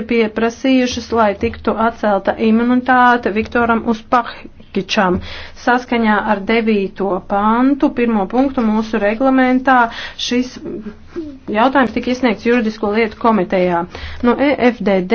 ir pieprasījušas, lai tiktu atcelta imunitāte Viktoram Uspahkičam. Saskaņā ar 9. pantu, pirmo punktu mūsu reglamentā, šis jautājums tika iesniegts juridisko lietu komitejā. No EFDD,